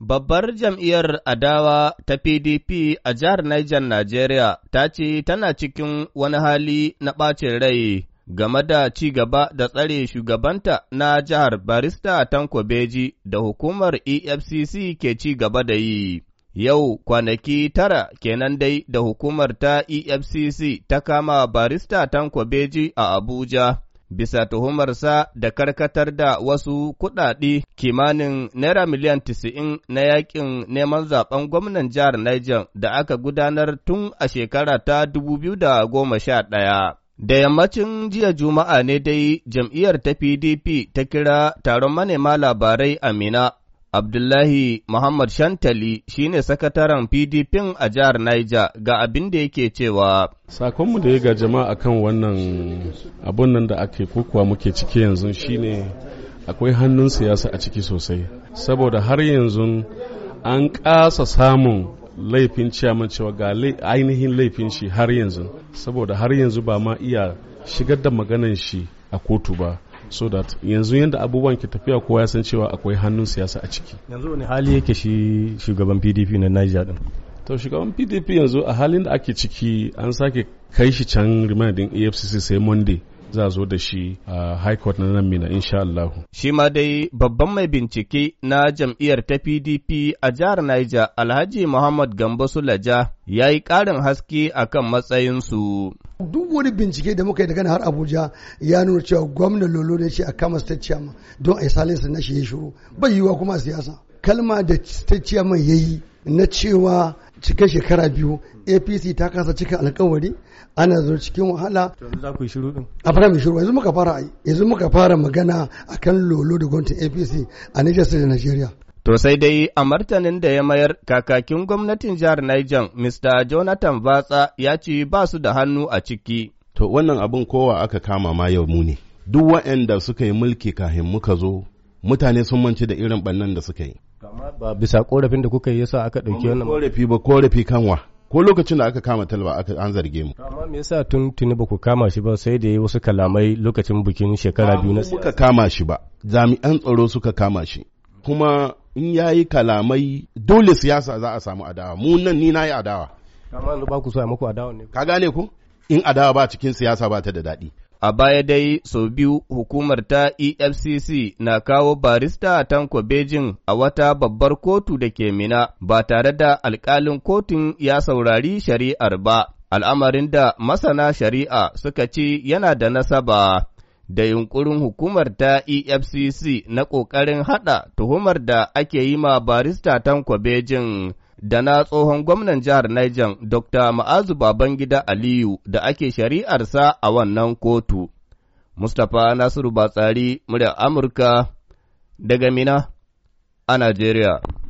Babbar jam'iyyar adawa ta PDP a jihar Niger, Najeriya ta ce tana cikin wani hali na ɓacin rai game da ci gaba da tsare shugabanta na jihar Barista Tanko Beji da hukumar EFCC ke ci gaba da yi. Yau kwanaki tara kenan dai da hukumar ta EFCC ta kama Barista Tanko Beji a Abuja. bisa tuhumarsa da karkatar da wasu kuɗaɗe kimanin naira miliyan tisa'in na yakin neman zaben gwamnan jihar Niger da aka gudanar tun a shekara ta 2011. Da yammacin jiya Juma'a ne dai jam'iyyar ta PDP ta kira taron manema labarai a Minna. Abdullahi Muhammad Shantali shine sakataren PDP a jihar Niger ga abin da yake cewa. Sakonmu da ya ga jama'a kan wannan abun nan da ake kokuwa muke ciki yanzu shine akwai hannun siyasa a ciki sosai. Saboda har yanzu an ƙasa samun laifin ciyaman cewa ga ainihin laifin shi har yanzu. Saboda har yanzu ba ma iya shigar da maganan shi a kotu ba. so that yanzu yadda abubuwan ke tafiya kowa ya san cewa akwai hannun siyasa a ciki yanzu wani hali yake shi shugaban pdp na niger din to shugaban pdp yanzu a halin da ake ciki an sake kai shi can rimanadin efcc sai monday za a zo da shi a high court na nan mina insha Allah. Shi ma dai babban mai bincike na jam'iyyar ta PDP a jihar Niger Alhaji Muhammad Gambo Sulaja ya yi ƙarin haske akan matsayinsu. duk wani bincike da muka yi daga har abuja ya nuna cewa gwamnan lolo ne ce a kama state chairman don a yi salinsa na shi ya shiru bai yiwuwa kuma a siyasa kalma da state chairman ya yi na cewa cikin shekara biyu apc ta kasa cikin alkawari ana zo cikin wahala a fara mai shiru yanzu muka fara yanzu muka fara magana akan lolo da gwamnatin apc a nijar da nigeria To sai dai a martanin da ya mayar kakakin gwamnatin jihar Niger, Mr. Jonathan Vatsa ya ce ba su da hannu a ciki. To wannan abin kowa aka kama ma yau mu ne. Duk waɗanda suka yi mulki kafin muka zo, mutane sun manci da irin bannan da suka yi. ba bisa korafin da kuka yi yasa aka ɗauki wannan korafi ba korafi kanwa ko lokacin da aka kama talba aka an zarge mu amma me yasa tun tuni ba ku kama shi ba sai da yi wasu kalamai lokacin bikin shekara biyu na siyasa muka kama shi ba jami'an tsaro suka kama shi kuma in ya yi kalamai dole siyasa za a samu adawa mu nan ni na yi adawa ka gane ku in adawa ba cikin siyasa ba ta da daɗi A baya dai sau biyu hukumar ta EFCC na kawo barista Tanko Bejin a wata babbar kotu da ke mina ba tare da alkalin kotun ya saurari shari'ar ba, al'amarin da masana shari'a suka ci yana da nasaba da yunkurin hukumar ta EFCC na ƙoƙarin haɗa tuhumar da ake yi ma barista Tanko Bejin da na tsohon gwamnan jihar Niger Dr. Ma'azu Babangida Aliyu da ake shari'arsa a wannan kotu. Mustapha Nasiru Batsari, murya Amurka, daga Mina a Najeriya.